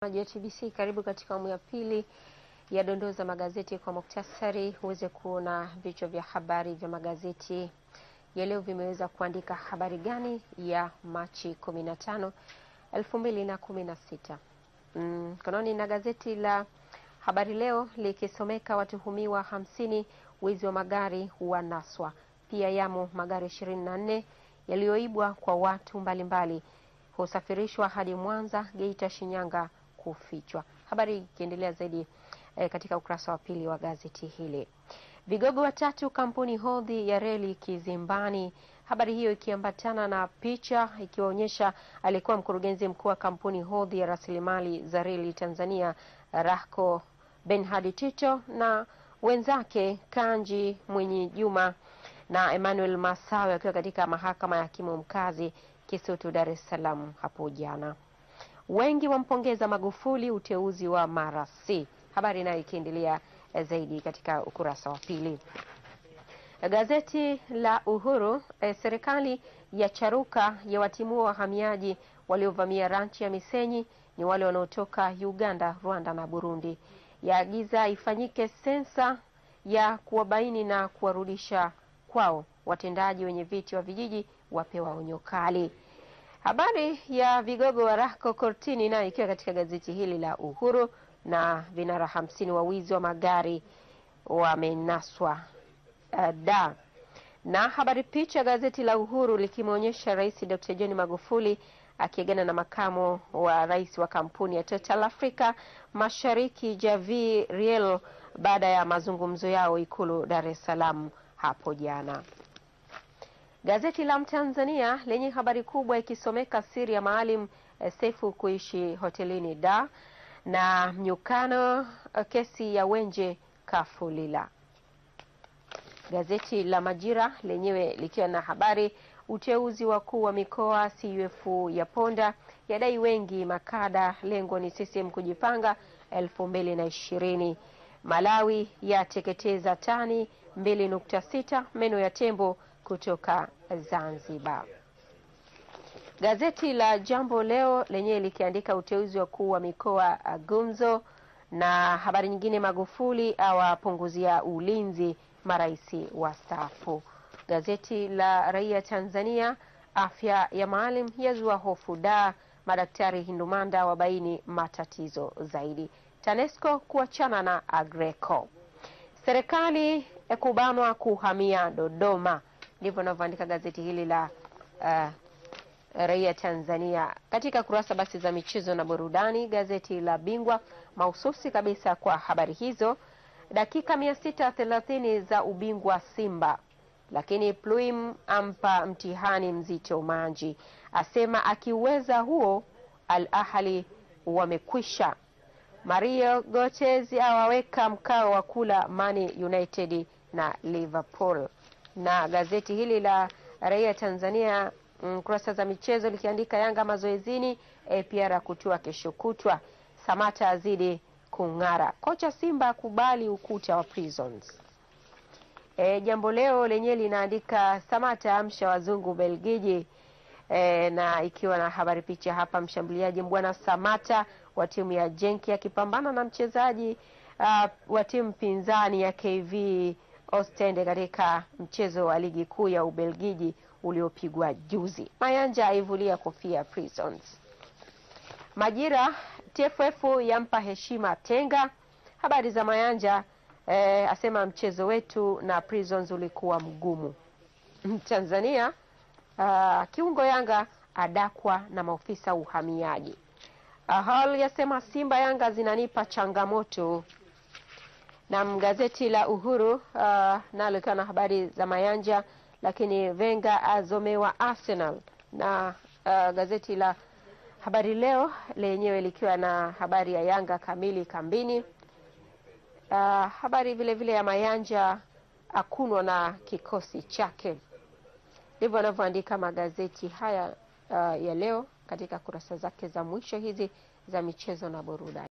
Maji ya TBC karibu katika awamu ya pili ya dondoo za magazeti kwa muktasari, uweze kuona vichwa vya habari vya magazeti ya leo vimeweza kuandika habari gani ya Machi 15, 2016. Mm, kanoni na gazeti la Habari Leo likisomeka watuhumiwa hamsini wizi wa magari wanaswa. Pia yamo magari 24 yaliyoibwa kwa watu mbalimbali, husafirishwa hadi Mwanza, Geita, Shinyanga kufichwa. Habari ikiendelea zaidi eh, katika ukurasa wa pili wa gazeti hili. Vigogo watatu kampuni hodhi ya reli kizimbani. Habari hiyo ikiambatana na picha ikiwaonyesha aliyekuwa mkurugenzi mkuu wa kampuni hodhi ya rasilimali za reli Tanzania RAHCO benhadi Tito na wenzake Kanji Mwenye Juma na Emmanuel Masawe wakiwa katika mahakama ya hakimu mkazi Kisutu, Dar es Salaam hapo jana. Wengi wampongeza Magufuli uteuzi wa Mara Habari nayo ikiendelea eh, zaidi katika ukurasa wa pili. Gazeti la Uhuru, eh, serikali ya Charuka ya watimua wahamiaji waliovamia ranchi ya Misenyi ni wale wanaotoka Uganda, Rwanda na Burundi. Yaagiza ifanyike sensa ya kuwabaini na kuwarudisha kwao. Watendaji wenye viti wa vijiji wapewa onyo kali. Habari ya vigogo wa Rako kortini nayo ikiwa katika gazeti hili la Uhuru, na vinara hamsini wa wizi wa magari wamenaswa uh, eh, da na habari picha gazeti la Uhuru likimwonyesha Rais Dr. John Magufuli akiegana na makamo wa rais wa kampuni ya Total Africa Mashariki Javi Riel baada ya mazungumzo yao Ikulu Dar es Salaam hapo jana. Gazeti la Mtanzania lenye habari kubwa ikisomeka siri ya Maalim eh, sefu kuishi hotelini da na mnyukano eh, kesi ya Wenje Kafulila. Gazeti la Majira lenyewe likiwa na habari uteuzi wakuu wa mikoa CUF ya Ponda yadai wengi makada, lengo ni CCM kujipanga 2020. Malawi yateketeza tani 2.6 meno ya tembo kutoka Zanzibar. Gazeti la Jambo Leo lenyewe likiandika uteuzi wakuu wa mikoa gumzo, na habari nyingine, Magufuli awapunguzia ulinzi marais wastaafu. Gazeti la Raia Tanzania, afya ya Maalim yazua hofu da, madaktari Hindumanda wabaini matatizo zaidi, TANESCO kuachana na Agreco, serikali ekubanwa kubanwa kuhamia Dodoma ndivyo anavyoandika gazeti hili la uh, Raia Tanzania. Katika kurasa basi za michezo na burudani, gazeti la Bingwa mahususi kabisa kwa habari hizo, dakika 630 za ubingwa Simba, lakini Pluim ampa mtihani mzito Manji, asema akiweza huo Al Ahli wamekwisha. Mario Gotez awaweka mkao wa kula Man United na Liverpool na gazeti hili la Raia Tanzania mm, kurasa za michezo likiandika Yanga mazoezini, APR kutua kesho kutwa, Samata azidi kung'ara, kocha Simba akubali ukuta wa Prisons. E, Jambo Leo lenyewe linaandika Samata amsha wazungu Belgiji. E, na ikiwa na habari picha hapa, mshambuliaji Mbwana Samata wa timu ya jenki akipambana na mchezaji uh, wa timu pinzani ya KV Ostende katika mchezo wa ligi kuu ya Ubelgiji uliopigwa juzi. Mayanja aivulia kofia Prisons. Majira, TFF yampa heshima Tenga. Habari za Mayanja eh, asema mchezo wetu na Prisons ulikuwa mgumu. Tanzania uh, ah, kiungo Yanga adakwa na maofisa uhamiaji. Ahal yasema Simba Yanga zinanipa changamoto. Nam, gazeti la Uhuru uh, nalo ikiwa na habari za Mayanja, lakini Venga azomewa Arsenal, na uh, gazeti la Habari Leo lenyewe likiwa na habari ya Yanga kamili kambini. Uh, habari vile vile ya Mayanja akunwa na kikosi chake, ndivyo wanavyoandika magazeti haya uh, ya leo katika kurasa zake za mwisho hizi za michezo na burudani.